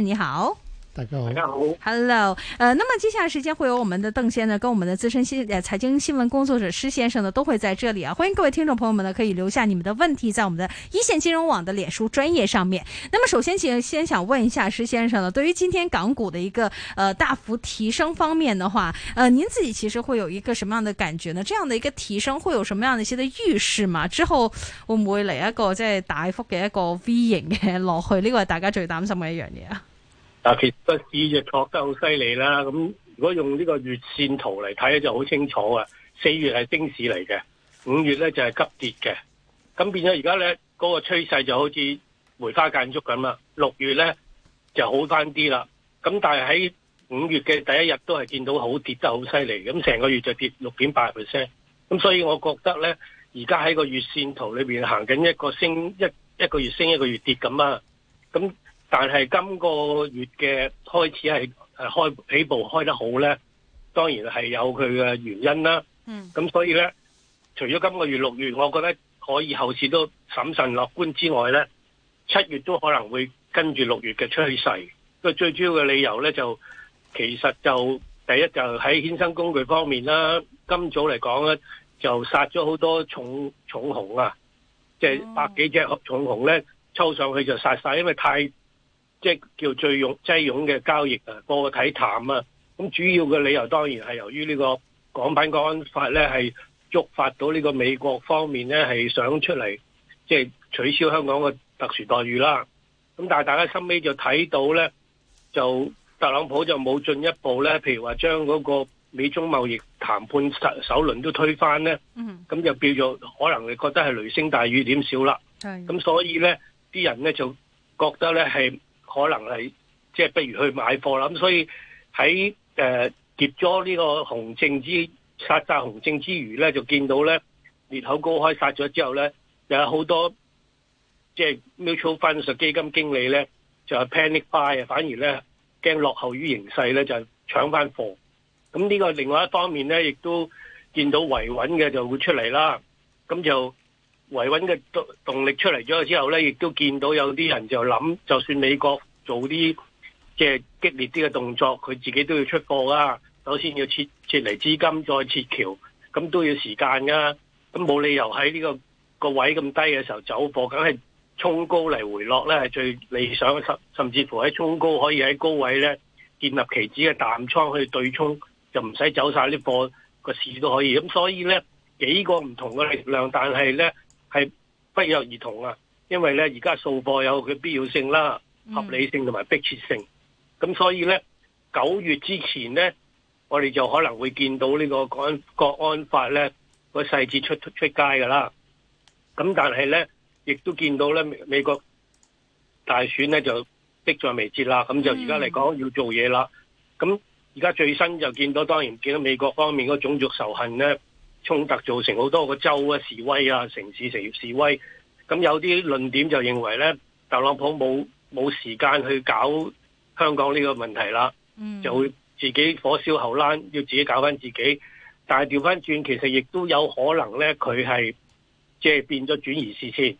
你好。大家晚上好，好，Hello，呃，那麼接下來時間會有我們的鄧先生跟我們的資深新呃財經新聞工作者施先生呢都會在這裏啊，歡迎各位聽眾朋友們呢可以留下你們的問題在我們的一線金融網的臉書專業上面。那麼首先請先想問一下施先生呢，對於今天港股的一個呃大幅提升方面的話，呃，您自己其實會有一個什麼樣的感覺呢？這樣的一個提升會有什麼樣的一些的預示嗎？之後會唔會嚟一個即係大幅嘅一個 V 型嘅落去？呢個大家最擔心嘅一樣嘢啊。嗱，其實四月確得好犀利啦。咁如果用呢個月線圖嚟睇、那個，就好清楚啊。四月係升市嚟嘅，五月咧就係急跌嘅。咁變咗而家咧，嗰個趨勢就好似梅花間竹咁啦。六月咧就好翻啲啦。咁但係喺五月嘅第一日都係見到好跌得好犀利。咁成個月就跌六點八 percent。咁所以我覺得咧，而家喺個月線圖裏邊行緊一個升一一個月升一個月跌咁啊。咁但係今個月嘅開始係起步開得好咧，當然係有佢嘅原因啦。咁、mm. 所以咧，除咗今個月六月，我覺得可以後市都審慎樂觀之外咧，七月都可能會跟住六月嘅趨勢。個最主要嘅理由咧，就其實就第一就喺衍生工具方面啦。今早嚟講咧，就殺咗好多重重紅啊，即係百幾隻重紅咧抽上去就殺晒，因為太。即係叫最擁擠擁嘅交易啊！個個睇淡啊！咁主要嘅理由當然係由於呢、這個《港版國安法》咧，係觸發到呢個美國方面咧係想出嚟即係取消香港嘅特殊待遇啦。咁但係大家收尾就睇到咧，就特朗普就冇進一步咧，譬如話將嗰個美中貿易談判首輪輪都推翻咧，咁、mm hmm. 就叫做可能你覺得係雷聲大雨點少啦。咁、mm，hmm. 所以咧啲人咧就覺得咧係。是可能係即係不如去買貨啦，咁所以喺誒、呃、劫咗呢個紅證之殺殺紅證之餘咧，就見到咧，裂口高開殺咗之後咧，又有好多即係、就是、mutual funds 基金經理咧就 panic buy 啊，反而咧驚落後於形勢咧就搶翻貨，咁呢個另外一方面咧，亦都見到維穩嘅就會出嚟啦，咁就維穩嘅動力出嚟咗之後咧，亦都見到有啲人就諗，就算美國。做啲即係激烈啲嘅動作，佢自己都要出貨啦。首先要撤撤離資金，再撤橋，咁都要時間噶。咁冇理由喺呢個個位咁低嘅時候走貨，梗係衝高嚟回落咧，係最理想。甚甚至乎喺衝高可以喺高位咧建立期指嘅淡倉去對沖，就唔使走晒啲貨個市都可以。咁所以咧幾個唔同嘅力量，但係咧係不約而同啊，因為咧而家掃貨有佢必要性啦。合理性同埋迫切性，咁所以呢，九月之前呢，我哋就可能會見到呢個國安國安法呢個細節出出街噶啦。咁但係呢，亦都見到呢美國大選呢就迫在眉睫啦，咁就而家嚟講要做嘢啦。咁而家最新就見到，當然見到美國方面嗰種族仇恨呢衝突造成好多個州啊示威啊，城市成示威。咁有啲論點就認為呢特朗普冇。冇時間去搞香港呢個問題啦，嗯、就會自己火燒後欄，要自己搞翻自己。但係調翻轉，其實亦都有可能咧，佢係即係變咗轉移視線。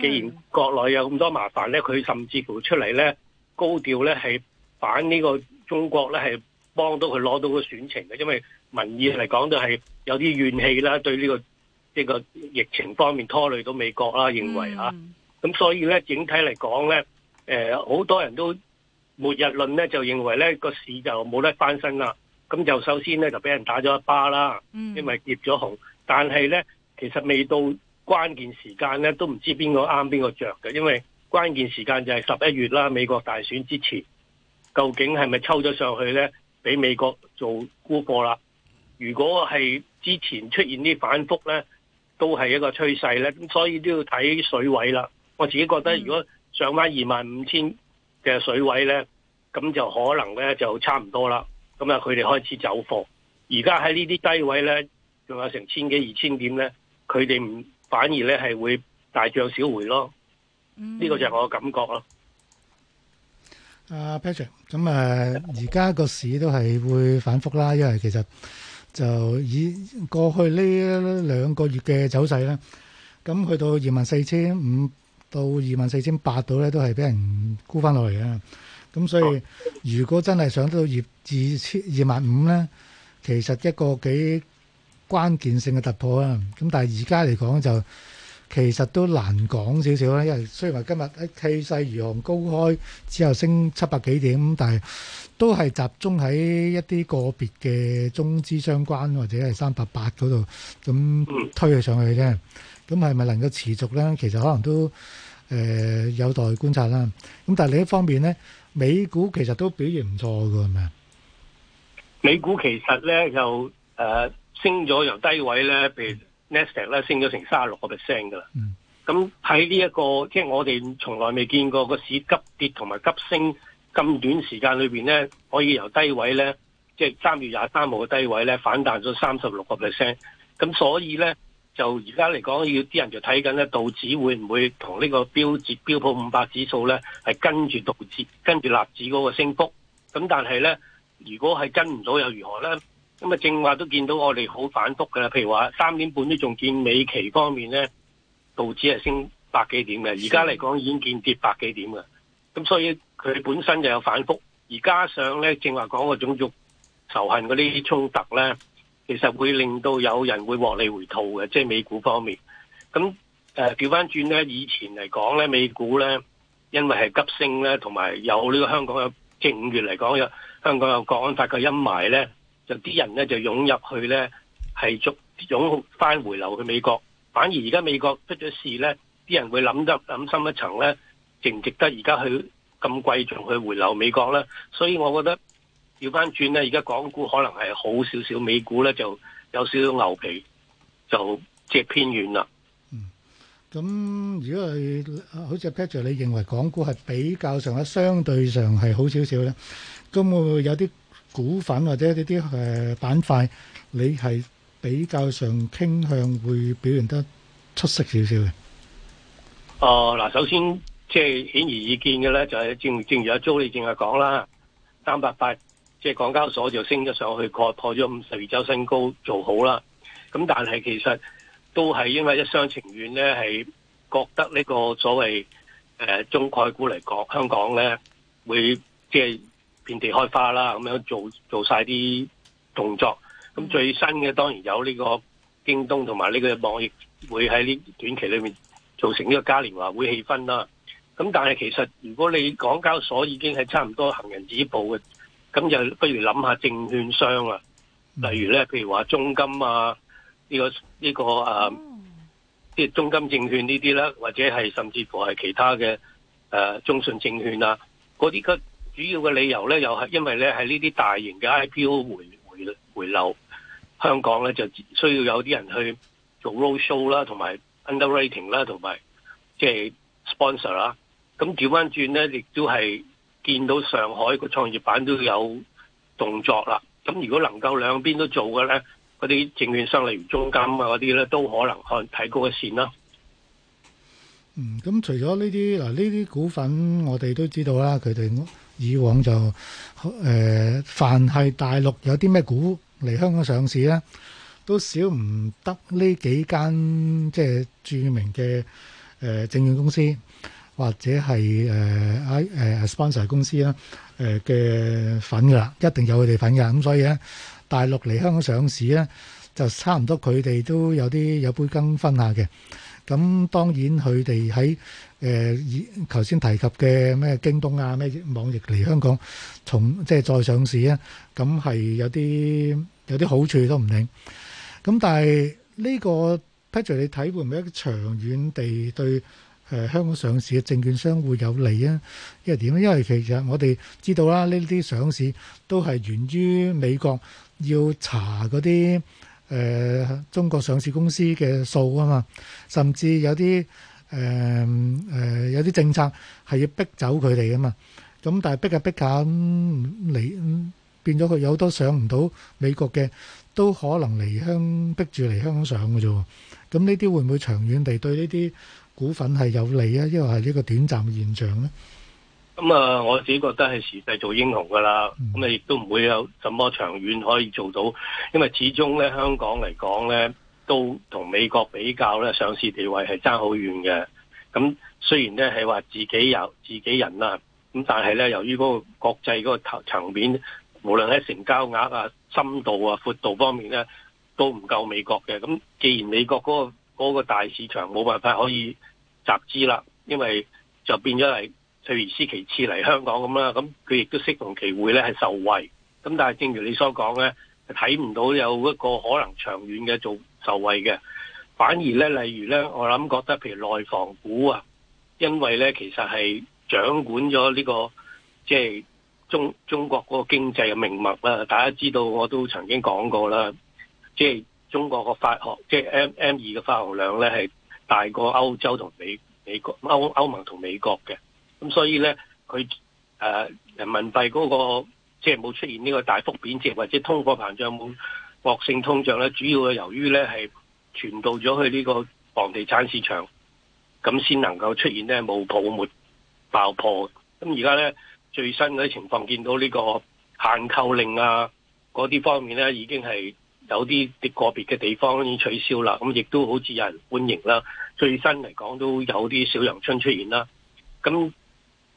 既然國內有咁多麻煩咧，佢甚至乎出嚟咧高調咧係反呢個中國咧，係幫到佢攞到個選情嘅，因為民意嚟講都係、嗯、有啲怨氣啦，對呢、呢個呢、呢個疫情方面拖累到美國啦，認為嚇、啊、咁，嗯、所以咧整體嚟講咧。誒，好、呃、多人都末日論咧，就認為咧個市就冇得翻身啦。咁就首先咧就俾人打咗一巴啦，因為跌咗紅。但係咧，其實未到關鍵時間咧，都唔知邊個啱邊個着嘅。因為關鍵時間就係十一月啦，美國大選之前，究竟係咪抽咗上去咧，俾美國做沽貨啦？如果係之前出現啲反覆咧，都係一個趨勢咧，咁所以都要睇水位啦。我自己覺得如果。上翻二萬五千嘅水位咧，咁就可能咧就差唔多啦。咁啊，佢哋開始走貨。而家喺呢啲低位咧，仲有成千幾、二千點咧，佢哋唔反而咧係會大漲小回咯。呢、嗯、個就係我嘅感覺咯。阿、uh, Patrick，咁啊，而家個市都係會反覆啦，因為其實就以過去呢兩個月嘅走勢咧，咁去到二萬四千五，到二萬四千八度咧，都係俾人沽翻落嚟嘅。咁所以，如果真係上到二二千二萬五咧，其實一個幾關鍵性嘅突破啊。咁但係而家嚟講就其實都難講少少啦。因為雖然話今日喺氣勢如虹高開之後升七百幾點，但係都係集中喺一啲個別嘅中資相關或者係三百八嗰度咁推佢上去嘅啫。咁係咪能夠持續咧？其實可能都、呃、有待觀察啦。咁但係另一方面咧，美股其實都表現唔錯㗎。係咪啊？美股其實咧又、呃、升咗，由低位咧，譬如 Nasdaq 咧升咗成三十六個 percent 嘅啦。嗯。咁喺呢一個即係我哋從來未見過個市急跌同埋急升咁短時間裏面咧，可以由低位咧，即係三月廿三號嘅低位咧反彈咗三十六個 percent。咁所以咧。就而家嚟講，有啲人就睇緊咧，道指會唔會同呢個標指標普五百指數咧，係跟住道指跟住納指嗰個升幅？咁但係咧，如果係跟唔到又如何咧？咁啊，正話都見到我哋好反覆㗎啦。譬如話三點半都仲見美期方面咧，道指係升百幾點嘅，而家嚟講已經見跌百幾點嘅。咁所以佢本身就有反覆，而加上咧正話講個種族仇恨嗰啲衝突咧。其實會令到有人會獲利回吐嘅，即係美股方面。咁誒調翻轉咧，以前嚟講咧，美股咧因為係急升咧，同埋有呢個香港有正五月嚟講，有香港有國安法嘅陰霾咧，就啲人咧就湧入去咧，係逐湧翻回流去美國。反而而家美國出咗事咧，啲人會諗得諗深一層咧，值唔值得而家去咁貴仲去回流美國咧？所以我覺得。調翻轉咧，而家港股可能係好少少，美股咧就有少少牛皮，就只偏軟啦。嗯，咁如果係好似 Peter，你認為港股係比較上啊相對上係好少少咧？咁，會有啲股份或者呢啲誒板塊，你係比較上傾向會表現得出色少少嘅？哦，嗱，首先即係顯而易見嘅咧，就係正正如阿 Jo 你正係講啦，三百八。即係港交所就升咗上去，破破咗五十二週新高，做好啦。咁但係其實都係因為一廂情願咧，係覺得呢個所謂誒中概股嚟講，香港咧會即係遍地開花啦，咁樣做做晒啲動作。咁最新嘅當然有呢個京東同埋呢個網易，會喺呢短期裏面造成呢個嘉年華會氣氛啦。咁但係其實如果你港交所已經係差唔多行人止步嘅。咁就不如諗下證券商啊，例如咧，譬如話中金啊，呢、呢個呢、呢個誒、啊，即中金證券呢啲啦，或者係甚至乎係其他嘅誒、啊、中信證券啊，嗰啲嘅主要嘅理由咧，又係因為咧係呢啲大型嘅 IPO 回回回流，香港咧就需要有啲人去做 roadshow 啦，同埋 underwriting 啦，同埋即係 sponsor 啦。咁調翻轉咧，亦都係。見到上海個創業板都有動作啦，咁如果能夠兩邊都做嘅咧，嗰啲證券商例如中金啊嗰啲咧，都可能看提高一線啦。嗯，咁除咗呢啲嗱，呢啲股份我哋都知道啦，佢哋以往就誒，凡係大陸有啲咩股嚟香港上市咧，都少唔得呢幾間即係著名嘅誒證券公司。或者係誒喺誒 sponsor 公司啦誒嘅粉㗎啦，一定有佢哋粉㗎，咁所以咧大陸嚟香港上市咧，就差唔多佢哋都有啲有杯羹分下嘅。咁當然佢哋喺誒以頭先提及嘅咩京東啊咩網易嚟香港從即係再上市啊，咁係有啲有啲好處都唔定。咁但係呢個 Patrick，你睇會唔會一個長遠地對？誒、呃、香港上市嘅證券商會有利啊，因為點咧？因為其實我哋知道啦，呢啲上市都係源於美國要查嗰啲誒中國上市公司嘅數啊嘛，甚至有啲誒誒有啲政策係要逼走佢哋啊嘛。咁但係逼下逼下嚟、呃、變咗，佢有好多上唔到美國嘅。都可能離香逼住嚟香港上嘅啫，咁呢啲會唔會長遠地對呢啲股份係有利啊？因為係呢個短暫現象呢咁啊、嗯，我自己覺得係時勢做英雄噶啦，咁亦都唔會有什麼長遠可以做到，因為始終咧香港嚟講咧，都同美國比較咧上市地位係爭好遠嘅。咁雖然咧係話自己有自己人啦、啊，咁但係咧由於個國際個層面。無論喺成交額啊、深度啊、闊度方面咧，都唔夠美國嘅。咁既然美國嗰個嗰個大市場冇辦法可以集資啦，因為就變咗係退而思其次嚟香港咁啦。咁佢亦都適逢其會咧係受惠。咁但係正如你所講咧，睇唔到有一個可能長遠嘅做受惠嘅，反而咧例如咧，我諗覺得譬如內房股啊，因為咧其實係掌管咗呢個即係。就是中中國嗰個經濟嘅命脈啦，大家知道我都曾經講過啦，即係中國個發行，即係 M M 二嘅發行量咧係大過歐洲同美、美國歐歐盟同美國嘅，咁所以咧佢誒人民幣嗰個即係冇出現呢個大幅貶值或者通貨膨脹冇惡性通脹咧，主要係由於咧係傳導咗去呢個房地產市場，咁先能夠出現咧冇泡沫爆破，咁而家咧。最新嘅情況，見到呢個限購令啊，嗰啲方面咧已經係有啲啲個別嘅地方已經取消啦。咁亦都好似有人歡迎啦。最新嚟講都有啲小陽春出現啦。咁誒、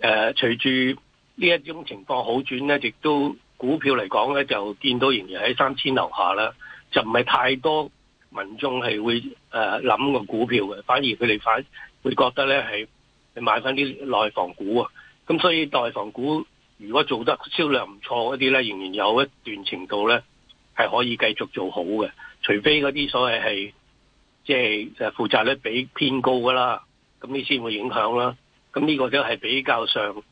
呃，隨住呢一種情況好轉咧，亦都股票嚟講咧就見到仍然喺三千樓下啦。就唔係太多民眾係會誒諗個股票嘅，反而佢哋反會覺得咧係係買翻啲內房股啊。咁所以，內房股如果做得銷量唔錯嗰啲咧，仍然有一段程度咧係可以繼續做好嘅。除非嗰啲所謂係即係誒負債率，比、就是、偏高噶啦，咁呢先會影響啦。咁呢個都係比較上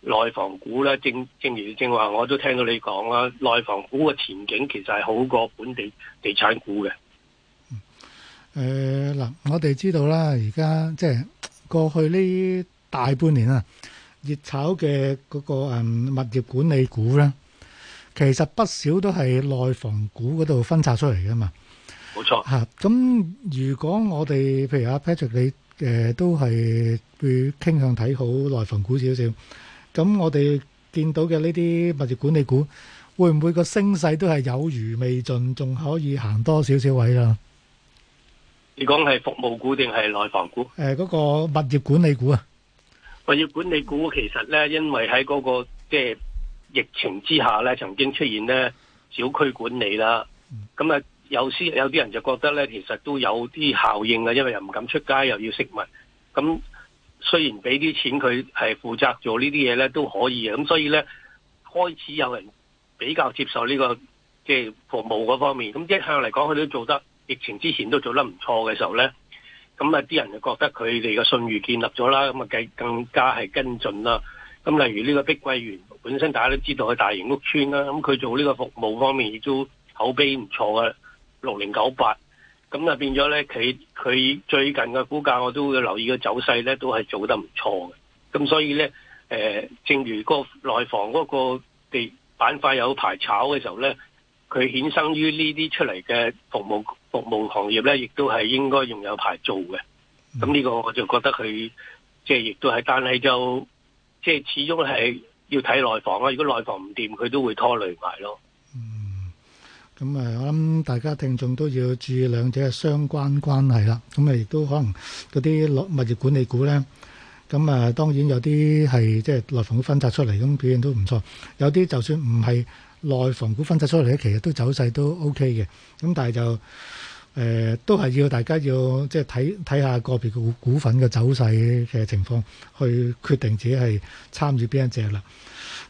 內房股咧。正正如你正話我都聽到你講啦，內房股嘅前景其實，係好過本地地產股嘅。誒、嗯，嗱、呃，我哋知道啦，而家即係過去呢大半年啊。熱炒嘅嗰個嗯物業管理股咧，其實不少都係內房股嗰度分拆出嚟噶嘛。冇錯。吓，咁如果我哋譬如阿 Patrick，你誒都係會傾向睇好內房股少少，咁我哋見到嘅呢啲物業管理股，會唔會個升勢都係有餘未盡，仲可以行多少少位啦？你講係服務股定係內房股？誒，嗰個物業管理股啊。我要管理股，其實咧，因為喺嗰、那個即係、就是、疫情之下咧，曾經出現咧小區管理啦。咁啊，有先有啲人就覺得咧，其實都有啲效應啊，因為又唔敢出街，又要食物。咁雖然俾啲錢佢係負責做呢啲嘢咧，都可以嘅。咁所以咧，開始有人比較接受呢、這個即係、就是、服務嗰方面。咁一向嚟講，佢都做得疫情之前都做得唔錯嘅時候咧。咁啊，啲人就覺得佢哋嘅信譽建立咗啦，咁啊計更加係跟進啦。咁例如呢個碧桂園，本身大家都知道佢大型屋邨啦，咁佢做呢個服務方面亦都口碑唔錯嘅六零九八，咁啊變咗咧，佢佢最近嘅股價我都會留意個走勢咧，都係做得唔錯嘅。咁所以咧，誒、呃，正如個內房嗰個地板塊有排炒嘅時候咧。佢衍生於呢啲出嚟嘅服務服務行業咧，亦都係應該用有排做嘅。咁呢個我就覺得佢即係亦都係，但係就即係、就是、始終係要睇內房啦。如果內房唔掂，佢都會拖累埋咯。嗯，咁啊，我諗大家聽眾都要注意兩者嘅相關關係啦。咁啊，亦都可能嗰啲物業管理股咧。咁啊，當然有啲係即係內房分拆出嚟咁表現都唔錯，有啲就算唔係。內房股分析出嚟咧，其實都走勢都 OK 嘅，咁但係就誒、呃、都係要大家要即係睇睇下個別股股份嘅走勢嘅情況，去決定自己係參與邊一隻啦。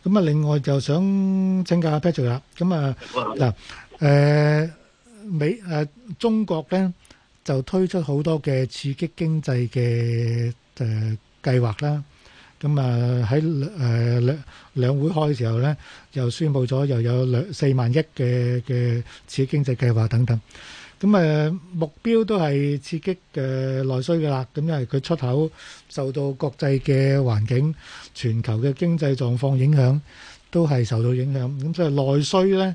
咁啊，另外就想請教下 Patrick 啦。咁啊嗱，誒、呃、美誒、呃、中國咧就推出好多嘅刺激經濟嘅誒、呃、計劃啦。咁啊喺誒兩兩會開嘅時候咧，又宣佈咗又有兩四萬億嘅嘅刺激經濟計劃等等。咁誒目標都係刺激誒內需嘅啦。咁因為佢出口受到國際嘅環境、全球嘅經濟狀況影響，都係受到影響。咁即係內需咧。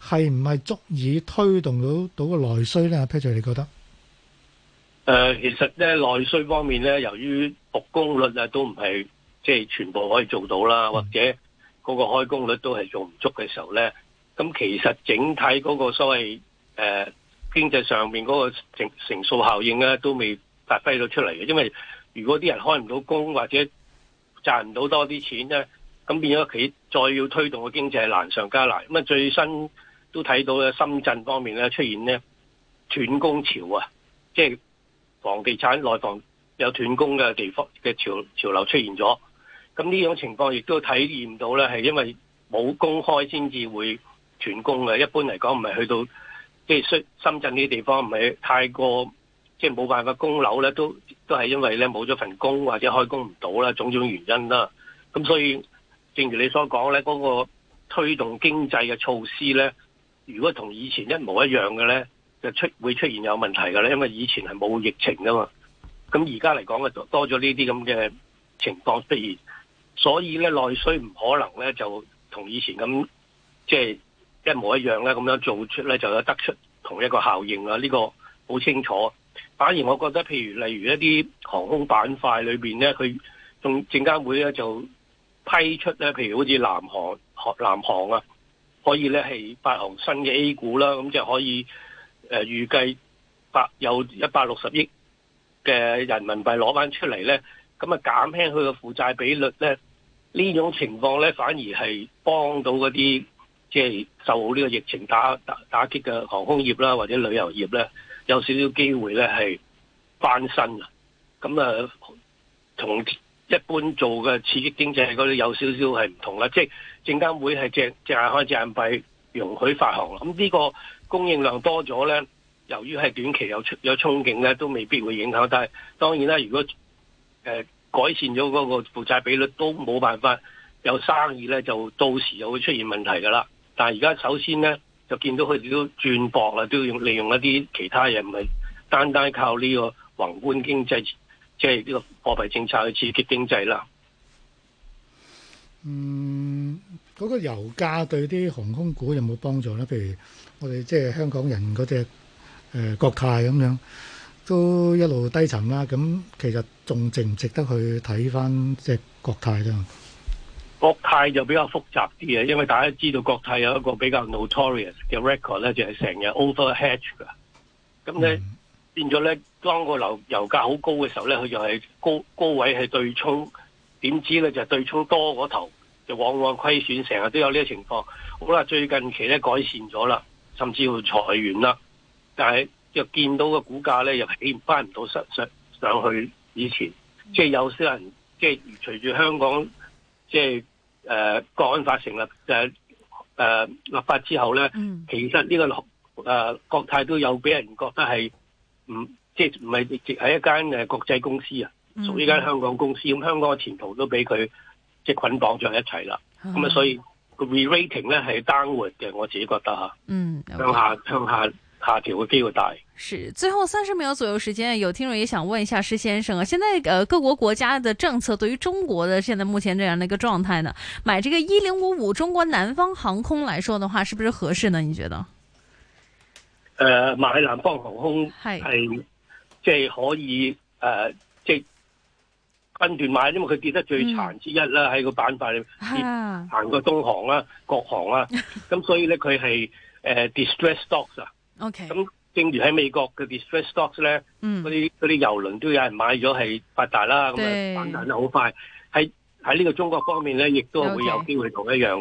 係唔係足以推動到到個內需咧？阿 Pat 你覺得？誒、呃，其實咧內需方面咧，由於復工率啊都唔係即係全部可以做到啦，嗯、或者個個開工率都係做唔足嘅時候咧，咁其實整體嗰個所謂誒、呃、經濟上面嗰個乘乘數效應咧都未發揮到出嚟嘅，因為如果啲人開唔到工或者賺唔到多啲錢咧，咁變咗企業再要推動個經濟係難上加難。咁啊最新。都睇到咧，深圳方面咧出現咧斷供潮啊！即係房地產內房有斷供嘅地方嘅潮潮流出現咗。咁呢種情況亦都體驗到咧，係因為冇工開先至會斷供嘅。一般嚟講，唔係去到即係深深圳呢啲地方，唔係太過即係冇辦法供樓咧，都都係因為咧冇咗份工或者開工唔到啦，種種原因啦。咁所以正如你所講咧，嗰個推動經濟嘅措施咧。如果同以前一模一樣嘅咧，就出會出現有問題嘅呢，因為以前係冇疫情噶嘛，咁而家嚟講就多咗呢啲咁嘅情況出現，所以咧內需唔可能咧就同以前咁即係一模一樣咧，咁樣做出咧就有得出同一個效應啊！呢個好清楚。反而我覺得譬如例如一啲航空板塊裏面咧，佢仲證監會咧就批出咧，譬如好似南航航南航啊。可以咧，係發行新嘅 A 股啦，咁就可以誒，預計百有一百六十億嘅人民幣攞翻出嚟咧，咁啊減輕佢嘅負債比率咧，呢種情況咧反而係幫到嗰啲即係受呢個疫情打打打擊嘅航空業啦，或者旅遊業咧有少少機會咧係翻身啊！咁啊同。一般做嘅刺激經濟嗰啲有少少係唔同啦，即係證監會係隻隻眼開隻眼閉容許發行，咁呢個供應量多咗咧，由於係短期有出有憧憬咧，都未必會影響，但係當然啦，如果誒改善咗嗰個負債比率都冇辦法有生意咧，就到時就會出現問題噶啦。但係而家首先咧就見到佢哋都轉薄啦，都要利用一啲其他嘢，唔係單單靠呢個宏觀經濟。即係呢個貨幣政策去刺激經濟啦。嗯，嗰、嗰個油價對啲航空股有冇幫助咧？譬如我哋即係香港人嗰隻誒國泰咁樣，都一路低沉啦。咁其實仲值唔值得去睇翻隻國泰咧？國泰就比較複雜啲嘅，因為大家知道國泰有一個比較 notorious 嘅 record 咧，就係成日 over hedge 㗎。咁你。嗯變咗咧，當個油油價好高嘅時候咧，佢就係高高位係對沖，點知咧就係對沖多嗰頭，就往往虧損，成日都有呢個情況。好啦，最近期咧改善咗啦，甚至乎裁員啦，但係又見到個股價咧又起唔翻唔到上上上去以前，即係有少人即係隨住香港即係誒國安法成立誒誒、呃、立法之後咧，嗯、其實呢個誒、呃、國泰都有俾人覺得係。唔，即係唔係直喺一間誒國際公司啊，屬於一間香港公司咁，香港嘅前途都俾佢即捆綁在一齊啦。咁啊、嗯，所以 re-rating 咧係 downward 嘅，我自己覺得吓。嗯，向下向下下調嘅機會大。是最後三十秒左右時間，有聽眾也想問一下施先生啊，現在呃各國國家的政策對於中國嘅現在目前這樣的一個狀態呢，買這個一零五五中國南方航空來說的話，是不是合適呢？你覺得？誒，買、呃、南方航空係，即係是可以誒，即、呃、係、就是、分段買，因為佢跌得最慘之一啦，喺、嗯、個板塊裡邊，啊、行過東航啦、啊、國航啦、啊，咁 所以咧佢係誒、呃、distress stocks 啊。O K. 咁，正如喺美國嘅 distress stocks 咧，嗰啲啲遊輪都有人買咗，係發達啦，咁啊對反彈得好快。喺喺呢個中國方面咧，亦都會有機會同一樣、okay。